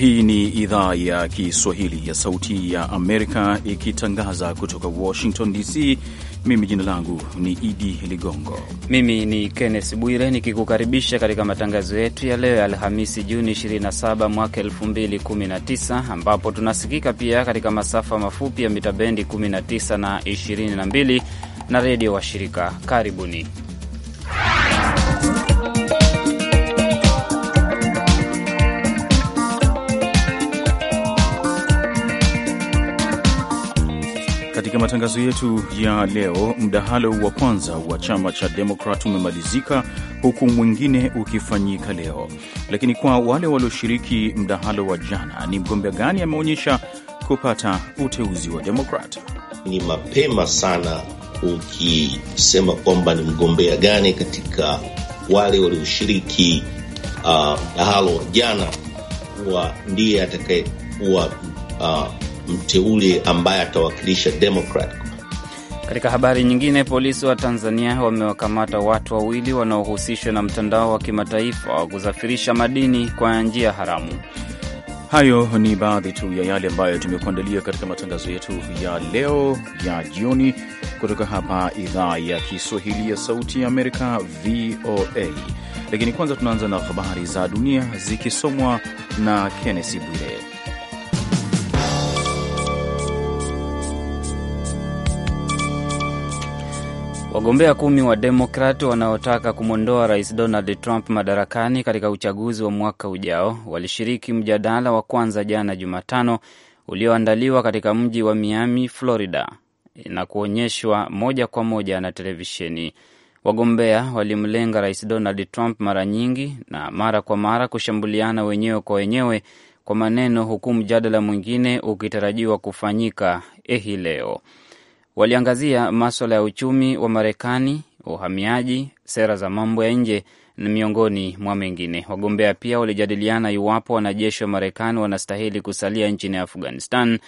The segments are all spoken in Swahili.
Hii ni idhaa ya Kiswahili ya Sauti ya Amerika ikitangaza kutoka Washington DC. Mimi jina langu ni Idi Ligongo, mimi ni Kenneth Bwire nikikukaribisha katika matangazo yetu ya leo ya Alhamisi, Juni 27 mwaka 2019, ambapo tunasikika pia katika masafa mafupi ya mita bendi 19 na 22 na redio washirika. Karibuni. Katika matangazo yetu ya leo, mdahalo wa kwanza wa chama cha Demokrat umemalizika huku mwingine ukifanyika leo. Lakini kwa wale walioshiriki mdahalo wa jana, ni mgombea gani ameonyesha kupata uteuzi wa Demokrat? Ni mapema sana ukisema kwamba ni mgombea gani katika wale walioshiriki uh, mdahalo uh, wa jana wa ndiye atakayekuwa uh, mteule ambaye atawakilisha Democrat. Katika habari nyingine, polisi wa Tanzania wamewakamata watu wawili wanaohusishwa na mtandao wa kimataifa wa kusafirisha madini kwa njia haramu. Hayo ni baadhi tu ya yale ambayo tumekuandalia katika matangazo yetu ya leo ya jioni, kutoka hapa idhaa ya Kiswahili ya Sauti ya Amerika, VOA. Lakini kwanza tunaanza na habari za dunia zikisomwa na Kennesi Bwire. Wagombea kumi wa Demokrat wanaotaka kumwondoa rais Donald Trump madarakani katika uchaguzi wa mwaka ujao walishiriki mjadala wa kwanza jana Jumatano ulioandaliwa katika mji wa Miami, Florida na kuonyeshwa moja kwa moja na televisheni. Wagombea walimlenga rais Donald Trump mara nyingi na mara kwa mara kushambuliana wenyewe kwa wenyewe kwa maneno, huku mjadala mwingine ukitarajiwa kufanyika hii leo. Waliangazia maswala ya uchumi wa Marekani, uhamiaji, sera za mambo ya nje na miongoni mwa mengine. Wagombea pia walijadiliana iwapo wanajeshi wa Marekani wanastahili kusalia nchini Afghanistan,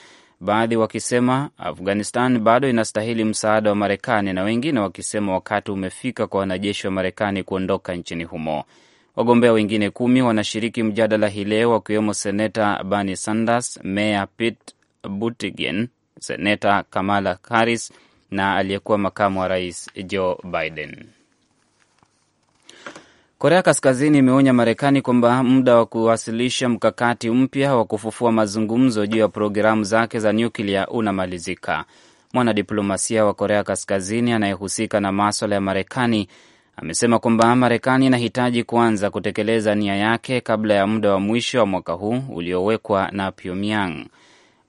baadhi wakisema Afghanistan bado inastahili msaada wa Marekani na wengine wakisema wakati umefika kwa wanajeshi wa Marekani kuondoka nchini humo. Wagombea wengine kumi wanashiriki mjadala hii leo, wakiwemo seneta Bernie Sanders, meya Pete Buttigieg seneta Kamala Harris na aliyekuwa makamu wa rais Joe Biden. Korea Kaskazini imeonya Marekani kwamba muda wa kuwasilisha mkakati mpya wa kufufua mazungumzo juu ya programu zake za nyuklia unamalizika. Mwanadiplomasia wa Korea Kaskazini anayehusika na maswala ya Marekani amesema kwamba Marekani inahitaji kuanza kutekeleza nia yake kabla ya muda wa mwisho wa mwaka huu uliowekwa na Pyongyang.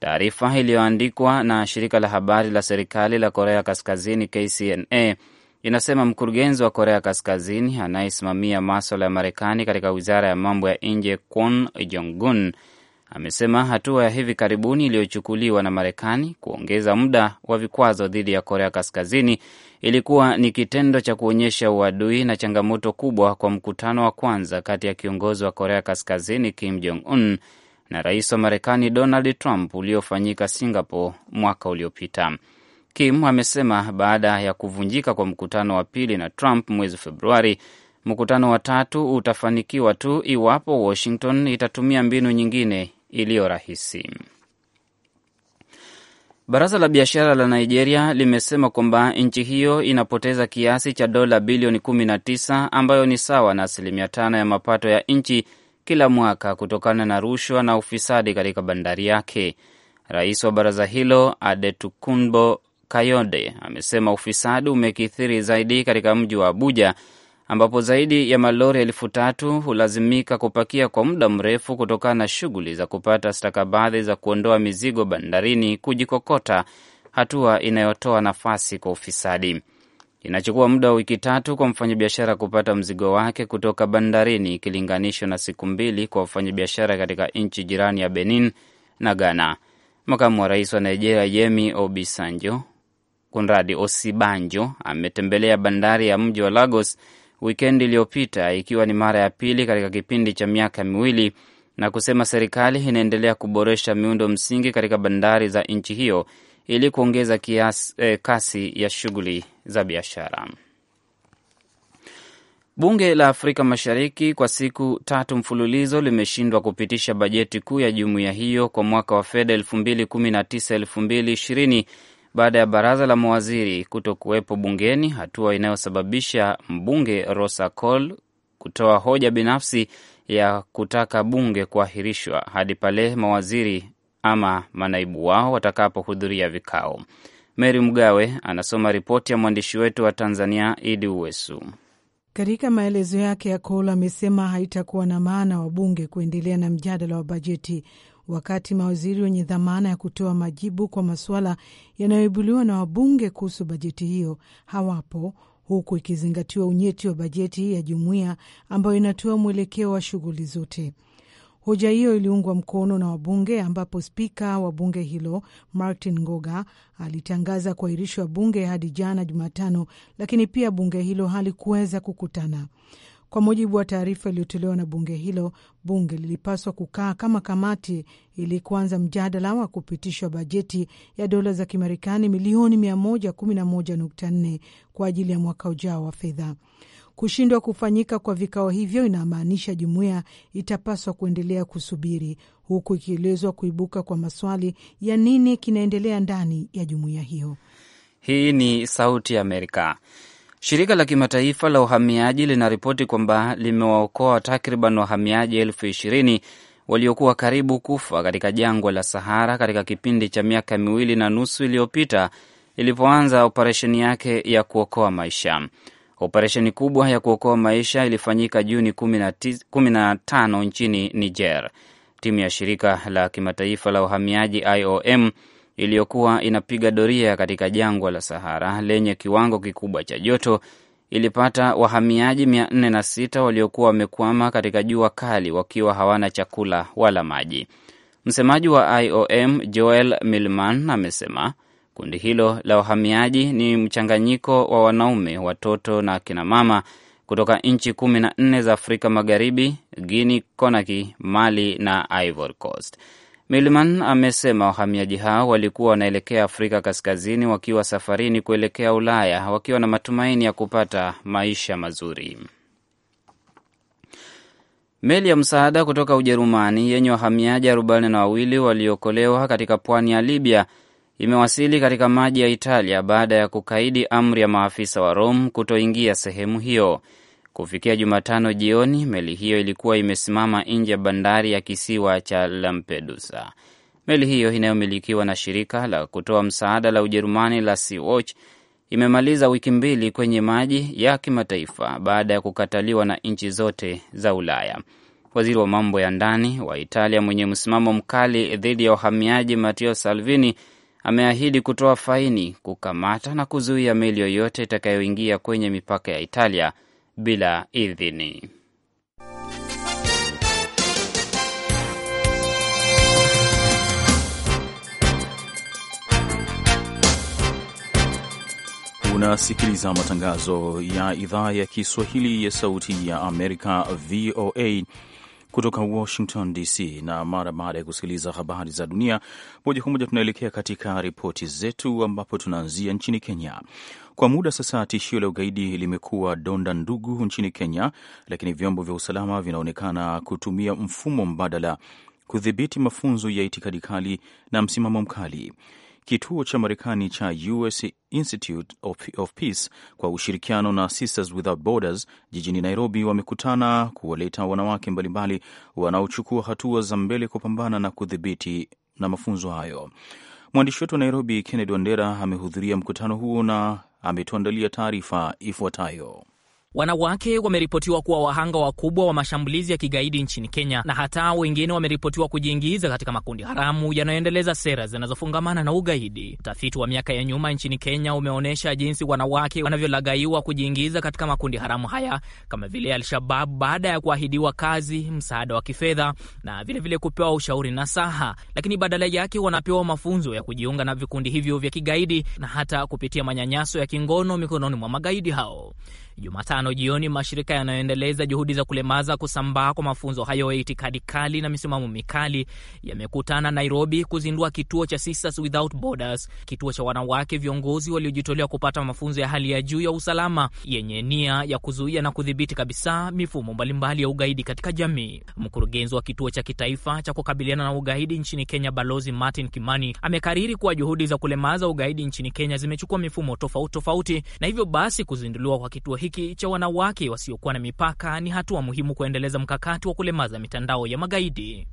Taarifa iliyoandikwa na shirika la habari la serikali la Korea Kaskazini KCNA inasema mkurugenzi wa Korea Kaskazini anayesimamia maswala ya Marekani katika wizara ya mambo ya nje Kwon Jong-un amesema hatua ya hivi karibuni iliyochukuliwa na Marekani kuongeza muda wa vikwazo dhidi ya Korea Kaskazini ilikuwa ni kitendo cha kuonyesha uadui na changamoto kubwa kwa mkutano wa kwanza kati ya kiongozi wa Korea Kaskazini Kim Jong Un na rais wa Marekani Donald Trump uliofanyika Singapore mwaka uliopita. Kim amesema baada ya kuvunjika kwa mkutano wa pili na Trump mwezi Februari, mkutano wa tatu utafanikiwa tu iwapo Washington itatumia mbinu nyingine iliyo rahisi. Baraza la biashara la Nigeria limesema kwamba nchi hiyo inapoteza kiasi cha dola bilioni 19 ambayo ni sawa na asilimia tano ya mapato ya nchi kila mwaka kutokana na rushwa na ufisadi katika bandari yake. Rais wa baraza hilo adetukunbo Kayode amesema ufisadi umekithiri zaidi katika mji wa Abuja ambapo zaidi ya malori elfu tatu hulazimika kupakia kwa muda mrefu kutokana na shughuli za kupata stakabadhi za kuondoa mizigo bandarini kujikokota, hatua inayotoa nafasi kwa ufisadi. Inachukua muda wa wiki tatu kwa mfanyabiashara kupata mzigo wake kutoka bandarini ikilinganishwa na siku mbili kwa wafanyabiashara katika nchi jirani ya Benin na Ghana. Makamu wa rais wa Nigeria Yemi Obisanjo kunradi Osibanjo ametembelea bandari ya mji wa Lagos wikendi iliyopita, ikiwa ni mara ya pili katika kipindi cha miaka miwili, na kusema serikali inaendelea kuboresha miundo msingi katika bandari za nchi hiyo ili kuongeza kiasi, eh, kasi ya shughuli za biashara. Bunge la Afrika Mashariki kwa siku tatu mfululizo limeshindwa kupitisha bajeti kuu ya jumuiya hiyo kwa mwaka wa fedha 2019-2020 baada ya baraza la mawaziri kuto kuwepo bungeni, hatua inayosababisha mbunge Rosa Col kutoa hoja binafsi ya kutaka bunge kuahirishwa hadi pale mawaziri ama manaibu wao watakapohudhuria vikao. Mary Mgawe anasoma ripoti ya mwandishi wetu wa Tanzania, Idi Uwesu. Katika maelezo yake, ya Kol amesema haitakuwa na maana wabunge kuendelea na mjadala wa bajeti wakati mawaziri wenye dhamana ya kutoa majibu kwa masuala yanayoibuliwa na wabunge kuhusu bajeti hiyo hawapo, huku ikizingatiwa unyeti wa bajeti ya jumuiya ambayo inatoa mwelekeo wa shughuli zote. Hoja hiyo iliungwa mkono na wabunge, ambapo spika wa bunge hilo Martin Ngoga alitangaza kuahirishwa bunge hadi jana Jumatano, lakini pia bunge hilo halikuweza kukutana. Kwa mujibu wa taarifa iliyotolewa na bunge hilo, bunge lilipaswa kukaa kama kamati ili kuanza mjadala wa kupitishwa bajeti ya dola za Kimarekani milioni 111.4 kwa ajili ya mwaka ujao wa fedha. Kushindwa kufanyika kwa vikao hivyo inamaanisha jumuiya itapaswa kuendelea kusubiri, huku ikielezwa kuibuka kwa maswali ya nini kinaendelea ndani ya jumuiya hiyo. Hii ni Sauti ya Amerika. Shirika la kimataifa la uhamiaji linaripoti kwamba limewaokoa takriban wahamiaji elfu ishirini waliokuwa karibu kufa katika jangwa la Sahara katika kipindi cha miaka miwili na nusu iliyopita ilipoanza operesheni yake ya kuokoa maisha. Operesheni kubwa ya kuokoa maisha ilifanyika Juni 15 nchini Niger. Timu ya shirika la kimataifa la uhamiaji IOM iliyokuwa inapiga doria katika jangwa la Sahara lenye kiwango kikubwa cha joto ilipata wahamiaji 406 waliokuwa wamekwama katika jua kali wakiwa hawana chakula wala maji. Msemaji wa IOM Joel Milman amesema Kundi hilo la wahamiaji ni mchanganyiko wa wanaume, watoto na akinamama kutoka nchi kumi na nne za Afrika Magharibi, Guinea Conakry, Mali na Ivory Coast. Milman amesema wahamiaji hao walikuwa wanaelekea Afrika Kaskazini wakiwa safarini kuelekea Ulaya wakiwa na matumaini ya kupata maisha mazuri. Meli ya msaada kutoka Ujerumani yenye wahamiaji arobaini na wawili waliokolewa katika pwani ya Libya imewasili katika maji ya Italia baada ya kukaidi amri ya maafisa wa Rome kutoingia sehemu hiyo. Kufikia Jumatano jioni, meli hiyo ilikuwa imesimama nje ya bandari ya kisiwa cha Lampedusa. Meli hiyo inayomilikiwa na shirika la kutoa msaada la Ujerumani la Sea-Watch imemaliza wiki mbili kwenye maji ya kimataifa baada ya kukataliwa na nchi zote za Ulaya. Waziri wa mambo ya ndani wa Italia mwenye msimamo mkali dhidi ya wahamiaji Matteo Salvini ameahidi kutoa faini, kukamata na kuzuia meli yoyote itakayoingia kwenye mipaka ya Italia bila idhini. Unasikiliza matangazo ya idhaa ya Kiswahili ya Sauti ya Amerika, VOA kutoka Washington DC. Na mara baada ya kusikiliza habari za dunia moja kwa moja, tunaelekea katika ripoti zetu, ambapo tunaanzia nchini Kenya. Kwa muda sasa tishio la ugaidi limekuwa donda ndugu nchini Kenya, lakini vyombo vya usalama vinaonekana kutumia mfumo mbadala kudhibiti mafunzo ya itikadi kali na msimamo mkali kituo cha Marekani cha US Institute of, of Peace kwa ushirikiano na Sisters Without Borders jijini Nairobi wamekutana kuwaleta wanawake mbalimbali wanaochukua hatua za mbele kupambana na kudhibiti na mafunzo hayo. Mwandishi wetu wa Nairobi Kennedy Wandera amehudhuria mkutano huo na ametuandalia taarifa ifuatayo. Wanawake wameripotiwa kuwa wahanga wakubwa wa mashambulizi ya kigaidi nchini Kenya, na hata wengine wameripotiwa kujiingiza katika makundi haramu yanayoendeleza sera zinazofungamana na ugaidi. Utafiti wa miaka ya nyuma nchini Kenya umeonyesha jinsi wanawake wanavyolagaiwa kujiingiza katika makundi haramu haya kama vile Al-Shabab baada ya kuahidiwa kazi, msaada wa kifedha na vilevile vile kupewa ushauri na saha, lakini badala yake wanapewa mafunzo ya kujiunga na vikundi hivyo vya kigaidi na hata kupitia manyanyaso ya kingono mikononi mwa magaidi hao. Jumatano jioni, mashirika yanayoendeleza juhudi za kulemaza kusambaa kwa mafunzo hayo ya itikadi kali na misimamo mikali yamekutana Nairobi kuzindua kituo cha Sisters Without Borders, kituo cha wanawake viongozi waliojitolea kupata mafunzo ya hali ya juu ya usalama yenye nia ya kuzuia na kudhibiti kabisa mifumo mbalimbali ya ugaidi katika jamii. Mkurugenzi wa kituo cha kitaifa cha kukabiliana na ugaidi nchini Kenya, Balozi Martin Kimani, amekariri kuwa juhudi za kulemaza ugaidi nchini Kenya zimechukua mifumo tofauti tofauti, na hivyo basi kuzinduliwa kwa kituo hiki hiki cha wanawake wasiokuwa na mipaka ni hatua muhimu kuendeleza mkakati wa kulemaza mitandao ya magaidi.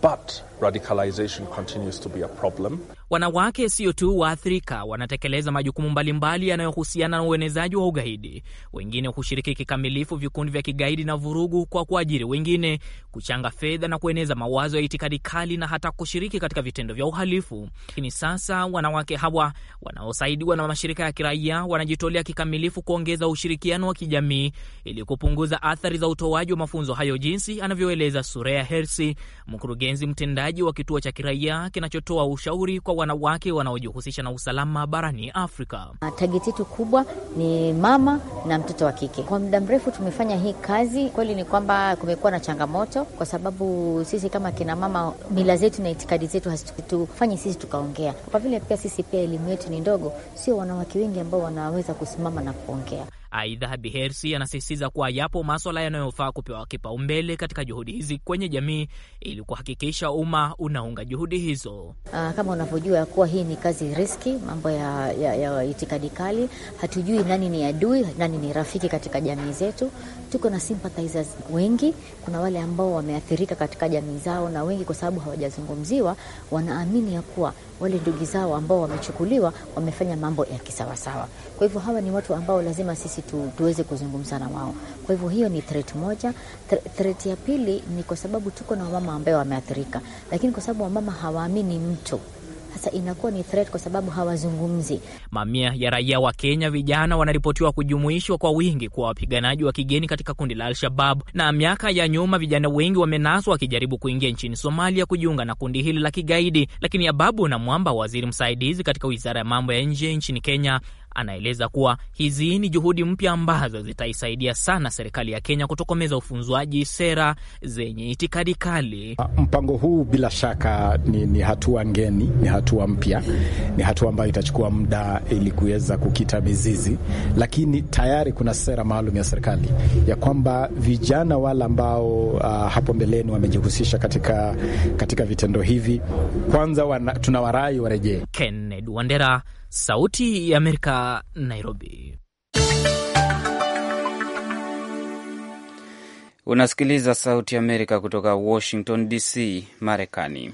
But radicalization continues to be a problem. Wanawake sio tu waathirika, wanatekeleza majukumu mbalimbali yanayohusiana na uenezaji wa ugaidi. Wengine hushiriki kikamilifu vikundi vya kigaidi na vurugu kwa kuajiri wengine, kuchanga fedha na kueneza mawazo ya itikadi kali na hata kushiriki katika vitendo vya uhalifu. Lakini sasa wanawake hawa wanaosaidiwa na mashirika ya kiraia wanajitolea kikamilifu kuongeza ushirikiano wa kijamii ili kupunguza athari za utoaji wa mafunzo hayo, jinsi anavyoeleza Sureya Hersi, mkurugenzi mkurugenzi mtendaji wa kituo cha kiraia kinachotoa ushauri kwa wanawake wanaojihusisha na usalama barani Afrika. Ah, Tageti yetu kubwa ni mama na mtoto wa kike. Kwa muda mrefu tumefanya hii kazi. Kweli ni kwamba kumekuwa na changamoto, kwa sababu sisi kama kinamama, mila zetu na itikadi zetu hazitufanyi sisi tukaongea, kwa vile pia sisi pia elimu yetu ni ndogo, sio wanawake wengi ambao wanaweza kusimama na kuongea. Aidha, Bihersi anasisitiza kuwa yapo maswala yanayofaa kupewa kipaumbele katika juhudi hizi kwenye jamii ili kuhakikisha umma unaunga juhudi hizo. Aa, ah, kama unavyojua kuwa hii ni kazi riski, mambo ya, ya, ya itikadi kali. Hatujui nani ni adui, nani ni rafiki katika jamii zetu. Tuko na sympathizers wengi, kuna wale ambao wameathirika katika jamii zao, na wengi kwa sababu hawajazungumziwa, wanaamini ya kuwa wale ndugu zao ambao wamechukuliwa wamefanya mambo ya kisawasawa. Kwa hivyo hawa ni watu ambao lazima sisi tu, tuweze kuzungumza na wao. Kwa hivyo hiyo ni threat moja. Threat ya pili ni kwa sababu tuko na wamama ambao wameathirika, lakini kwa sababu wamama hawaamini mtu sasa inakuwa ni threat kwa sababu hawazungumzi. Mamia ya raia wa Kenya vijana wanaripotiwa kujumuishwa kwa wingi kwa wapiganaji wa kigeni katika kundi la Al-Shabab, na miaka ya nyuma vijana wengi wamenaswa wakijaribu kuingia nchini Somalia kujiunga na kundi hili la kigaidi, lakini Ababu na Mwamba, waziri msaidizi katika wizara ya mambo ya nje nchini Kenya, Anaeleza kuwa hizi ni juhudi mpya ambazo zitaisaidia sana serikali ya Kenya kutokomeza ufunzwaji sera zenye itikadi kali. Mpango huu bila shaka ni, ni hatua ngeni, ni hatua mpya, ni hatua ambayo itachukua muda ili kuweza kukita mizizi, lakini tayari kuna sera maalum ya serikali ya kwamba vijana wale ambao uh, hapo mbeleni wamejihusisha katika, katika vitendo hivi kwanza wana, tunawarai warejee. Kennedy Wandera Sauti ya Amerika, Nairobi. Unasikiliza Sauti ya Amerika kutoka Washington DC, Marekani.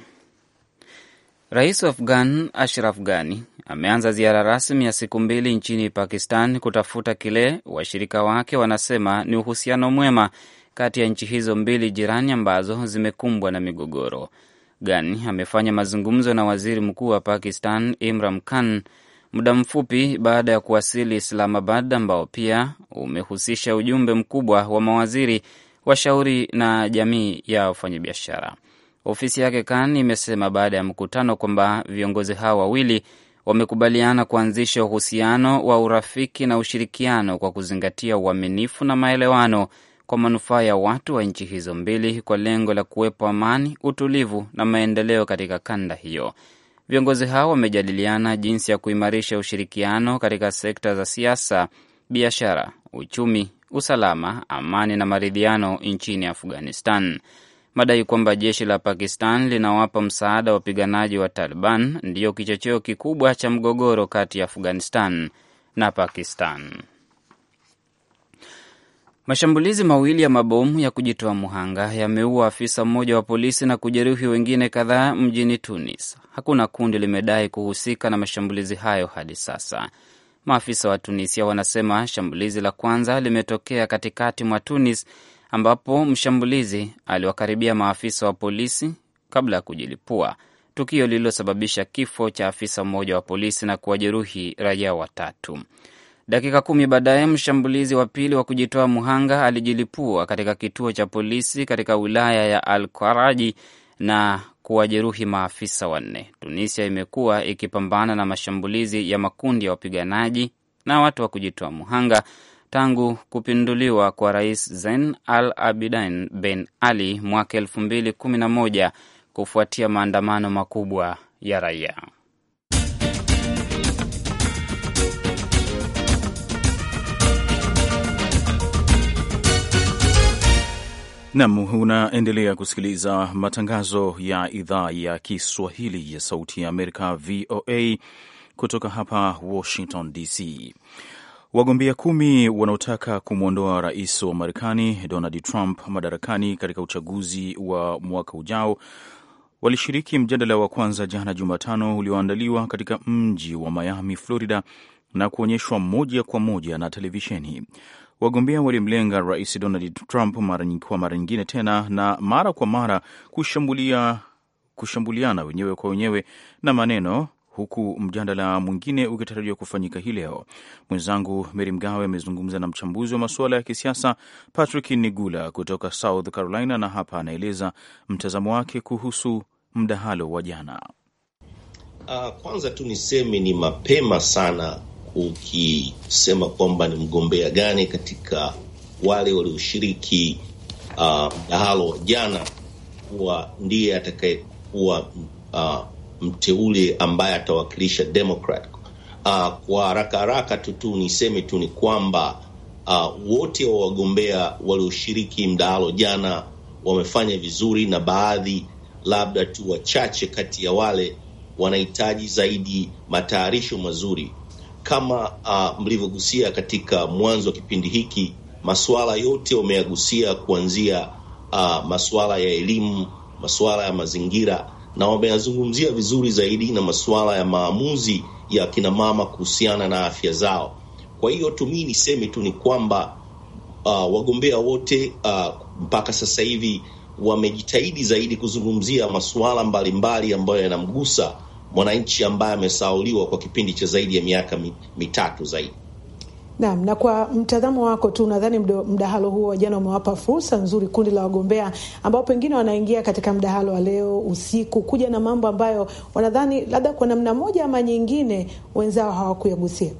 Rais wa Afghan Ashraf Ghani ameanza ziara rasmi ya siku mbili nchini Pakistan kutafuta kile washirika wake wanasema ni uhusiano mwema kati ya nchi hizo mbili jirani ambazo zimekumbwa na migogoro. Ghani amefanya mazungumzo na waziri mkuu wa Pakistan Imran Khan muda mfupi baada ya kuwasili Islamabad, ambao pia umehusisha ujumbe mkubwa wa mawaziri, washauri na jamii ya wafanyabiashara. Ofisi yake kan imesema baada ya mkutano kwamba viongozi hao wawili wamekubaliana kuanzisha uhusiano wa urafiki na ushirikiano kwa kuzingatia uaminifu na maelewano kwa manufaa ya watu wa nchi hizo mbili kwa lengo la kuwepo amani, utulivu na maendeleo katika kanda hiyo. Viongozi hao wamejadiliana jinsi ya kuimarisha ushirikiano katika sekta za siasa, biashara, uchumi, usalama, amani na maridhiano nchini Afghanistan. Madai kwamba jeshi la Pakistan linawapa msaada wapiganaji wa Taliban ndiyo kichocheo kikubwa cha mgogoro kati ya Afghanistan na Pakistan. Mashambulizi mawili ya mabomu ya kujitoa muhanga yameua afisa mmoja wa polisi na kujeruhi wengine kadhaa mjini Tunis. Hakuna kundi limedai kuhusika na mashambulizi hayo hadi sasa. Maafisa wa Tunisia wanasema shambulizi la kwanza limetokea katikati mwa Tunis, ambapo mshambulizi aliwakaribia maafisa wa polisi kabla ya kujilipua, tukio lililosababisha kifo cha afisa mmoja wa polisi na kuwajeruhi raia watatu. Dakika kumi baadaye mshambulizi wa pili wa kujitoa muhanga alijilipua katika kituo cha polisi katika wilaya ya Al-Karaji na kuwajeruhi maafisa wanne. Tunisia imekuwa ikipambana na mashambulizi ya makundi ya wapiganaji na watu wa kujitoa muhanga tangu kupinduliwa kwa Rais Zen Al Abidin Ben Ali mwaka elfu mbili kumi na moja kufuatia maandamano makubwa ya raia. Nam, unaendelea kusikiliza matangazo ya idhaa ya Kiswahili ya Sauti ya Amerika, VOA, kutoka hapa Washington DC. Wagombea kumi wanaotaka kumwondoa rais wa Marekani Donald Trump madarakani katika uchaguzi wa mwaka ujao walishiriki mjadala wa kwanza jana Jumatano ulioandaliwa katika mji wa Miami, Florida, na kuonyeshwa moja kwa moja na televisheni. Wagombea walimlenga Rais Donald Trump mara kwa mara nyingine tena na mara kwa mara kushambulia, kushambuliana wenyewe kwa wenyewe na maneno huku mjadala mwingine ukitarajiwa kufanyika hii leo. Mwenzangu Meri Mgawe amezungumza na mchambuzi wa masuala ya kisiasa Patrick Nigula kutoka South Carolina, na hapa anaeleza mtazamo wake kuhusu mdahalo wa jana. Uh, kwanza tu niseme ni mapema sana ukisema kwamba ni mgombea gani katika wale walioshiriki uh, mdahalo uh, wa jana kuwa ndiye atakayekuwa uh, mteule ambaye atawakilisha Democrat. Uh, kwa haraka haraka tu tu niseme tu ni kwamba uh, wote wa wagombea walioshiriki mdahalo jana wamefanya vizuri, na baadhi labda tu wachache kati ya wale wanahitaji zaidi matayarisho mazuri kama uh, mlivyogusia katika mwanzo wa kipindi hiki, masuala yote wameyagusia kuanzia uh, ah, masuala ya elimu, masuala ya mazingira na wameyazungumzia vizuri zaidi na masuala ya maamuzi ya kinamama kuhusiana na afya zao. Kwa hiyo tu mii niseme tu ni kwamba uh, wagombea wote uh, mpaka sasa hivi wamejitahidi zaidi kuzungumzia masuala mbalimbali ambayo yanamgusa mwananchi ambaye amesauliwa kwa kipindi cha zaidi ya miaka mitatu zaidi. Naam, na kwa mtazamo wako tu, nadhani mdahalo huo wa jana umewapa fursa nzuri kundi la wagombea ambao pengine wanaingia katika mdahalo wa leo usiku kuja na mambo ambayo wanadhani labda kwa namna moja ama nyingine wenzao hawakuyagusia.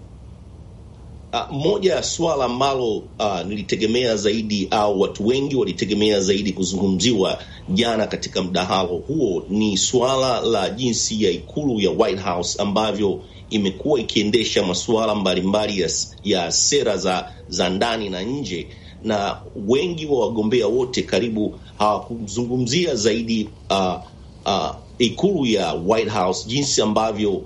Uh, moja ya swala ambalo uh, nilitegemea zaidi au ah, watu wengi walitegemea zaidi kuzungumziwa jana katika mdahalo huo ni swala la jinsi ya ikulu ya White House ambavyo imekuwa ikiendesha masuala mbalimbali ya, ya sera za, za ndani na nje, na wengi wa wagombea wote karibu hawakuzungumzia zaidi uh, uh, ikulu ya White House jinsi ambavyo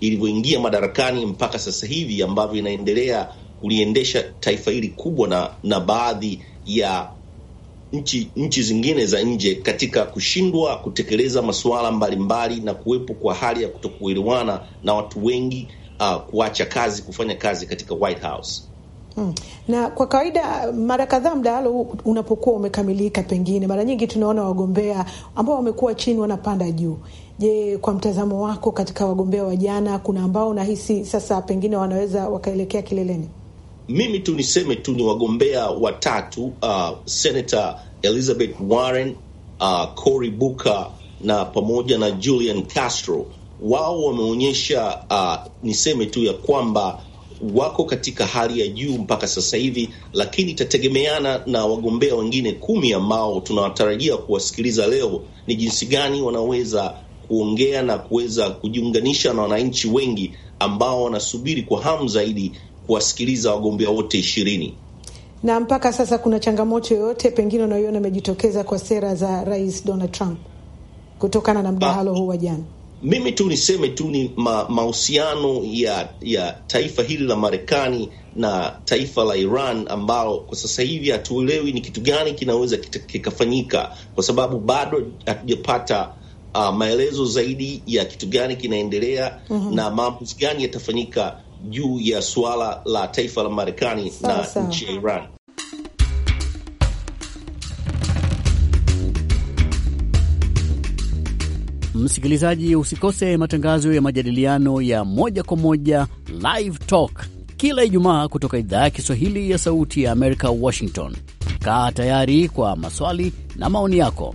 ilivyoingia madarakani mpaka sasa hivi ambavyo inaendelea kuliendesha taifa hili kubwa na, na baadhi ya nchi, nchi zingine za nje katika kushindwa kutekeleza masuala mbalimbali na kuwepo kwa hali ya kutokuelewana na watu wengi uh, kuacha kazi kufanya kazi katika White House. Hmm. Na kwa kawaida mara kadhaa mdahalo unapokuwa umekamilika, pengine mara nyingi tunaona wagombea ambao wamekuwa chini wanapanda juu. Je, kwa mtazamo wako katika wagombea wa jana, kuna ambao unahisi sasa pengine wanaweza wakaelekea kileleni? Mimi tu niseme tu ni wagombea watatu, uh, Senator Elizabeth Warren, uh, Cory Booker na pamoja na Julian Castro. Wao wameonyesha uh, niseme tu ya kwamba wako katika hali ya juu mpaka sasa hivi, lakini itategemeana na wagombea wengine kumi ambao tunawatarajia kuwasikiliza leo, ni jinsi gani wanaweza kuongea na kuweza kujiunganisha na wananchi wengi ambao wanasubiri kwa hamu zaidi kuwasikiliza wagombea wote ishirini. Na mpaka sasa kuna changamoto yoyote pengine unayoiona imejitokeza kwa sera za Rais Donald Trump kutokana na mdahalo ah, huu wa jana? Mimi tu niseme tu ni mahusiano ya ya taifa hili la Marekani na taifa la Iran ambao kwa sasa hivi hatuelewi ni kitu gani kinaweza kikafanyika kwa sababu bado hatujapata uh, maelezo zaidi ya kitu gani kinaendelea mm -hmm. na maamuzi gani yatafanyika juu ya suala la taifa la Marekani na nchi ya Iran. Msikilizaji, usikose matangazo ya majadiliano ya moja kwa moja Live Talk kila Ijumaa kutoka idhaa ya Kiswahili ya Sauti ya Amerika, Washington. Kaa tayari kwa maswali na maoni yako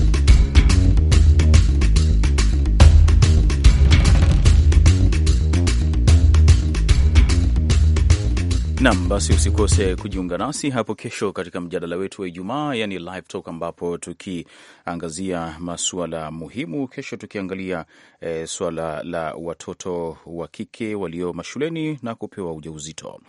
Nam, basi usikose kujiunga nasi hapo kesho katika mjadala wetu wa Ijumaa, yani live talk, ambapo tukiangazia masuala muhimu. Kesho tukiangalia e, eh, suala la watoto wa kike walio mashuleni na kupewa ujauzito.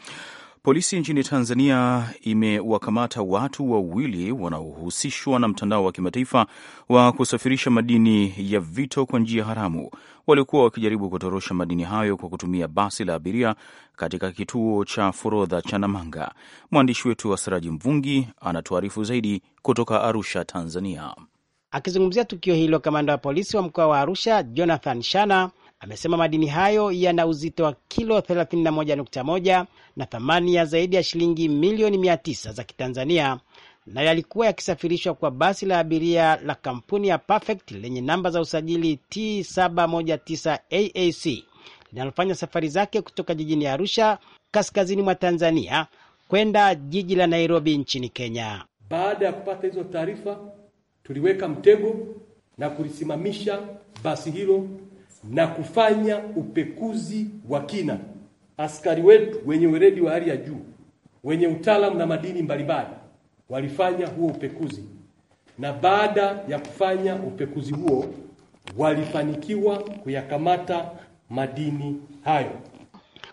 Polisi nchini Tanzania imewakamata watu wawili wanaohusishwa na mtandao wa kimataifa wa kusafirisha madini ya vito kwa njia haramu. waliokuwa wakijaribu kutorosha madini hayo kwa kutumia basi la abiria katika kituo cha forodha cha Namanga. Mwandishi wetu Asiraji Mvungi anatuarifu zaidi kutoka Arusha, Tanzania. Akizungumzia tukio hilo, kamanda wa polisi wa mkoa wa Arusha Jonathan Shana amesema madini hayo yana uzito wa kilo 31.1 na thamani ya zaidi ya shilingi milioni 900 za Kitanzania na yalikuwa yakisafirishwa kwa basi la abiria la kampuni ya Perfect lenye namba za usajili T719 AAC linalofanya safari zake kutoka jijini Arusha kaskazini mwa Tanzania kwenda jiji la Nairobi nchini Kenya. Baada ya kupata hizo taarifa, tuliweka mtego na kulisimamisha basi hilo na kufanya upekuzi wa kina. Askari wetu wenye weredi wa hali ya juu wenye utaalamu na madini mbalimbali walifanya huo upekuzi, na baada ya kufanya upekuzi huo walifanikiwa kuyakamata madini hayo.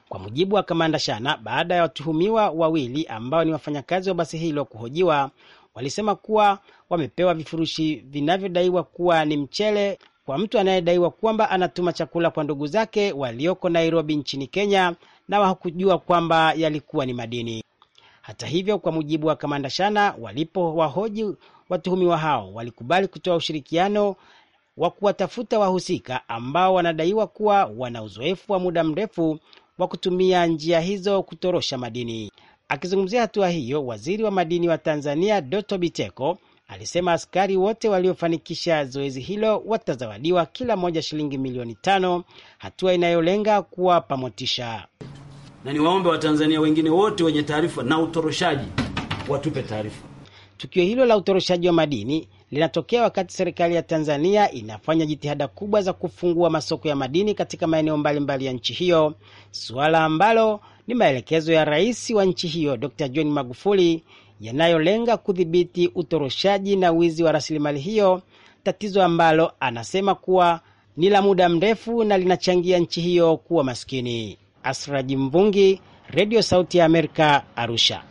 Kwa mujibu wa kamanda Shana, baada ya watuhumiwa wawili ambao ni wafanyakazi wa basi hilo kuhojiwa, walisema kuwa wamepewa vifurushi vinavyodaiwa kuwa ni mchele kwa mtu anayedaiwa kwamba anatuma chakula kwa ndugu zake walioko Nairobi nchini Kenya na hawakujua kwamba yalikuwa ni madini. Hata hivyo, kwa mujibu wa Kamanda Shana, walipowahoji watuhumiwa hao walikubali kutoa ushirikiano wa kuwatafuta wahusika ambao wanadaiwa kuwa wana uzoefu wa muda mrefu wa kutumia njia hizo kutorosha madini. Akizungumzia hatua hiyo, waziri wa madini wa Tanzania Doto Biteko Alisema askari wote waliofanikisha zoezi hilo watazawadiwa kila moja shilingi milioni tano, hatua inayolenga kuwapa motisha. Na niwaombe Watanzania wengine wote wenye taarifa na utoroshaji watupe taarifa. Tukio hilo la utoroshaji wa madini linatokea wakati serikali ya Tanzania inafanya jitihada kubwa za kufungua masoko ya madini katika maeneo mbalimbali ya nchi hiyo, suala ambalo ni maelekezo ya rais wa nchi hiyo Dr. John Magufuli yanayolenga kudhibiti utoroshaji na wizi wa rasilimali hiyo, tatizo ambalo anasema kuwa ni la muda mrefu na linachangia nchi hiyo kuwa maskini. Asraji Mvungi, redio Sauti ya Amerika, Arusha.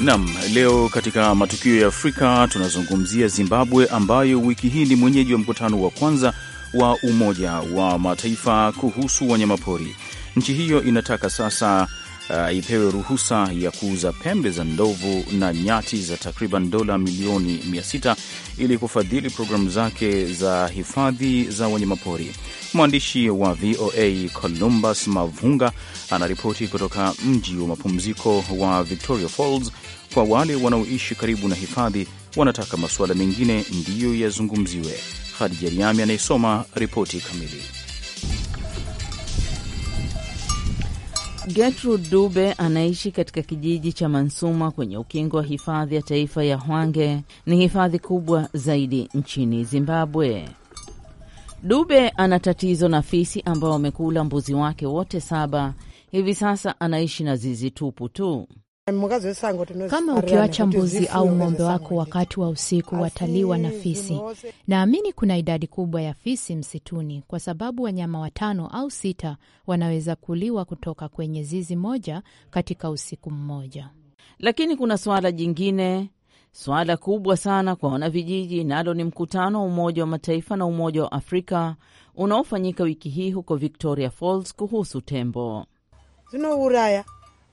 Nam, leo katika matukio ya Afrika tunazungumzia Zimbabwe ambayo wiki hii ni mwenyeji wa mkutano wa kwanza wa Umoja wa Mataifa kuhusu wanyamapori. Nchi hiyo inataka sasa uh, ipewe ruhusa ya kuuza pembe za ndovu na nyati za takriban dola milioni 600 ili kufadhili programu zake za hifadhi za wanyamapori. Mwandishi wa VOA Columbus Mavunga anaripoti kutoka mji wa mapumziko wa Victoria Falls. Kwa wale wanaoishi karibu na hifadhi, wanataka masuala mengine ndiyo yazungumziwe. Hadija Riami anayesoma ripoti kamili. Gertrude Dube anaishi katika kijiji cha Mansuma kwenye ukingo wa hifadhi ya taifa ya Hwange. Ni hifadhi kubwa zaidi nchini Zimbabwe. Dube ana tatizo na fisi ambao wamekula mbuzi wake wote saba. Hivi sasa anaishi na zizi tupu tu. Kama ukiwacha mbuzi au ng'ombe wako wakati wa usiku, wataliwa na fisi. Naamini kuna idadi kubwa ya fisi msituni, kwa sababu wanyama watano au sita wanaweza kuliwa kutoka kwenye zizi moja katika usiku mmoja. Lakini kuna suala jingine, suala kubwa sana kwa wanavijiji, nalo ni mkutano wa Umoja wa Mataifa na Umoja wa Afrika unaofanyika wiki hii huko Victoria Falls kuhusu tembo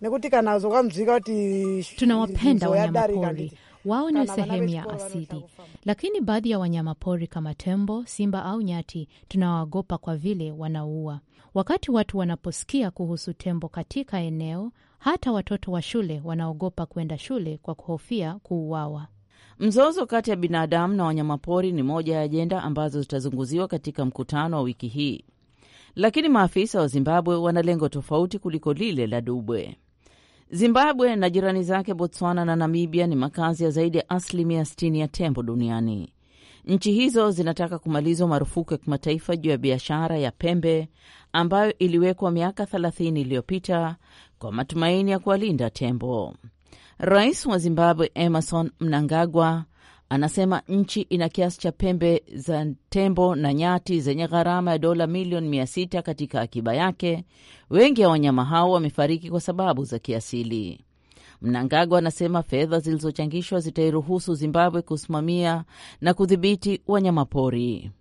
nekuti kana zokamdzika kuti tunawapenda wanyamapori wao ni sehemu ya asili, lakini baadhi ya wanyamapori kama tembo, simba au nyati tunawaogopa kwa vile wanaua. Wakati watu wanaposikia kuhusu tembo katika eneo, hata watoto wa shule wanaogopa kwenda shule kwa kuhofia kuuawa. Mzozo kati ya binadamu na wanyamapori ni moja ya ajenda ambazo zitazunguziwa katika mkutano wa wiki hii, lakini maafisa wa Zimbabwe wana lengo tofauti kuliko lile la Dubwe. Zimbabwe na jirani zake Botswana na Namibia ni makazi ya zaidi ya asilimia 60 ya tembo duniani. Nchi hizo zinataka kumalizwa marufuku ya kimataifa juu ya biashara ya pembe ambayo iliwekwa miaka 30 iliyopita kwa matumaini ya kuwalinda tembo. Rais wa Zimbabwe Emerson Mnangagwa anasema nchi ina kiasi cha pembe za tembo na nyati zenye gharama ya dola milioni mia sita katika akiba yake. Wengi ya wanyama hao wamefariki kwa sababu za kiasili. Mnangagwa anasema fedha zilizochangishwa zitairuhusu Zimbabwe kusimamia na kudhibiti wanyamapori.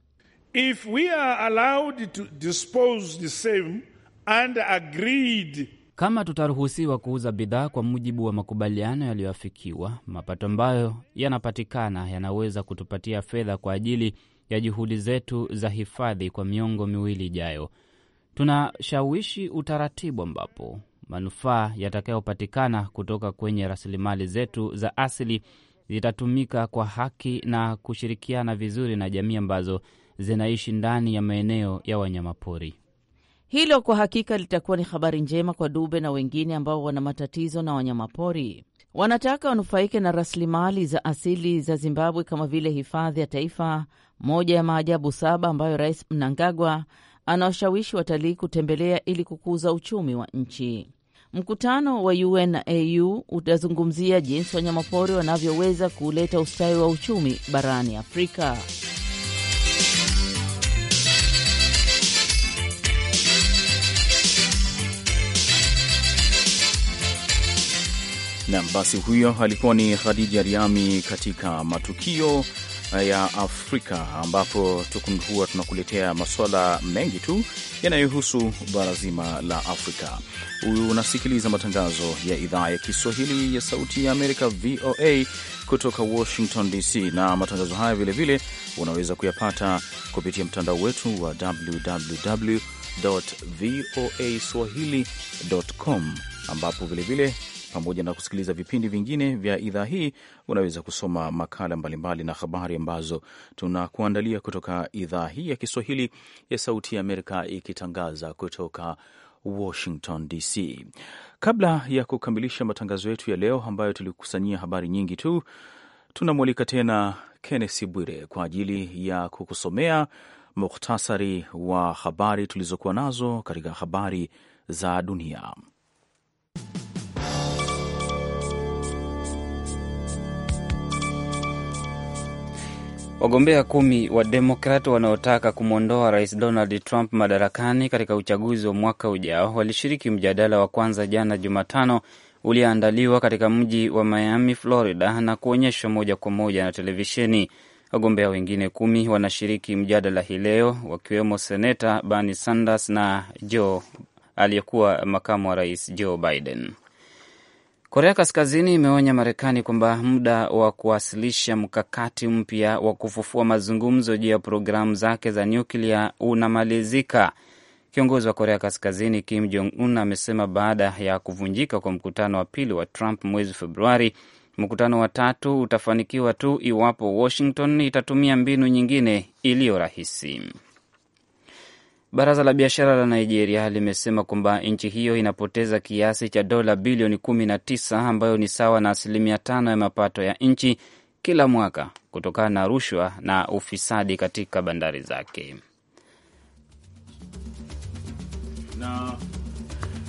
If we are allowed to dispose the same and agreed kama tutaruhusiwa kuuza bidhaa kwa mujibu wa makubaliano yaliyoafikiwa, mapato ambayo yanapatikana yanaweza kutupatia fedha kwa ajili ya juhudi zetu za hifadhi kwa miongo miwili ijayo. Tunashawishi utaratibu ambapo manufaa yatakayopatikana kutoka kwenye rasilimali zetu za asili zitatumika kwa haki na kushirikiana vizuri na jamii ambazo zinaishi ndani ya maeneo ya wanyamapori. Hilo kwa hakika litakuwa ni habari njema kwa Dube na wengine ambao wana matatizo na wanyamapori. Wanataka wanufaike na rasilimali za asili za Zimbabwe kama vile hifadhi ya taifa, moja ya maajabu saba ambayo Rais Mnangagwa anawashawishi watalii kutembelea ili kukuza uchumi wa nchi. Mkutano wa UN na AU utazungumzia jinsi wanyamapori wanavyoweza kuleta ustawi wa uchumi barani Afrika. Nam, basi huyo alikuwa ni Khadija Riami katika matukio ya Afrika, ambapo huwa tunakuletea masuala mengi tu yanayohusu bara zima la Afrika. huyu Unasikiliza matangazo ya idhaa ya Kiswahili ya Sauti ya Amerika, VOA, kutoka Washington DC, na matangazo haya vilevile unaweza kuyapata kupitia mtandao wetu wa www voa swahili.com, ambapo vilevile pamoja na kusikiliza vipindi vingine vya idhaa hii, unaweza kusoma makala mbalimbali na habari ambazo tunakuandalia kutoka idhaa hii ya Kiswahili ya Sauti ya Amerika, ikitangaza kutoka Washington DC. Kabla ya kukamilisha matangazo yetu ya leo ambayo tulikusanyia habari nyingi tu, tunamwalika tena kennesi Bwire kwa ajili ya kukusomea muhtasari wa habari tulizokuwa nazo katika habari za dunia. Wagombea kumi wa Demokrat wanaotaka kumwondoa rais Donald Trump madarakani katika uchaguzi wa mwaka ujao walishiriki mjadala wa kwanza jana Jumatano ulioandaliwa katika mji wa Miami, Florida, na kuonyeshwa moja kwa moja na televisheni. Wagombea wengine kumi wanashiriki mjadala hii leo, wakiwemo seneta Bernie Sanders na Joe aliyekuwa makamu wa rais Joe Biden. Korea Kaskazini imeonya Marekani kwamba muda wa kuwasilisha mkakati mpya wa kufufua mazungumzo juu ya programu zake za nyuklia unamalizika. Kiongozi wa Korea Kaskazini Kim Jong Un amesema baada ya kuvunjika kwa mkutano wa pili wa Trump mwezi Februari, mkutano wa tatu utafanikiwa tu iwapo Washington itatumia mbinu nyingine iliyo rahisi. Baraza la biashara la Nigeria limesema kwamba nchi hiyo inapoteza kiasi cha dola bilioni 19 ambayo ni sawa na asilimia tano ya mapato ya nchi kila mwaka kutokana na rushwa na ufisadi katika bandari zake na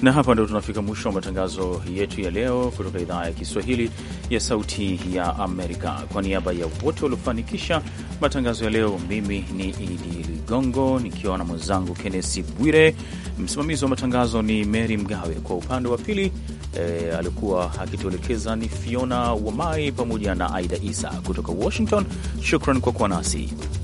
na hapa ndio tunafika mwisho wa matangazo yetu ya leo kutoka idhaa ya Kiswahili ya Sauti ya Amerika. Kwa niaba ya wote waliofanikisha matangazo ya leo, mimi ni Idi Ligongo nikiwa na mwenzangu Kennesi Bwire. Msimamizi wa matangazo ni Mary Mgawe, kwa upande wa pili e, alikuwa akituelekeza ni Fiona Wamai pamoja na Aida Isa kutoka Washington. Shukran kwa kuwa nasi.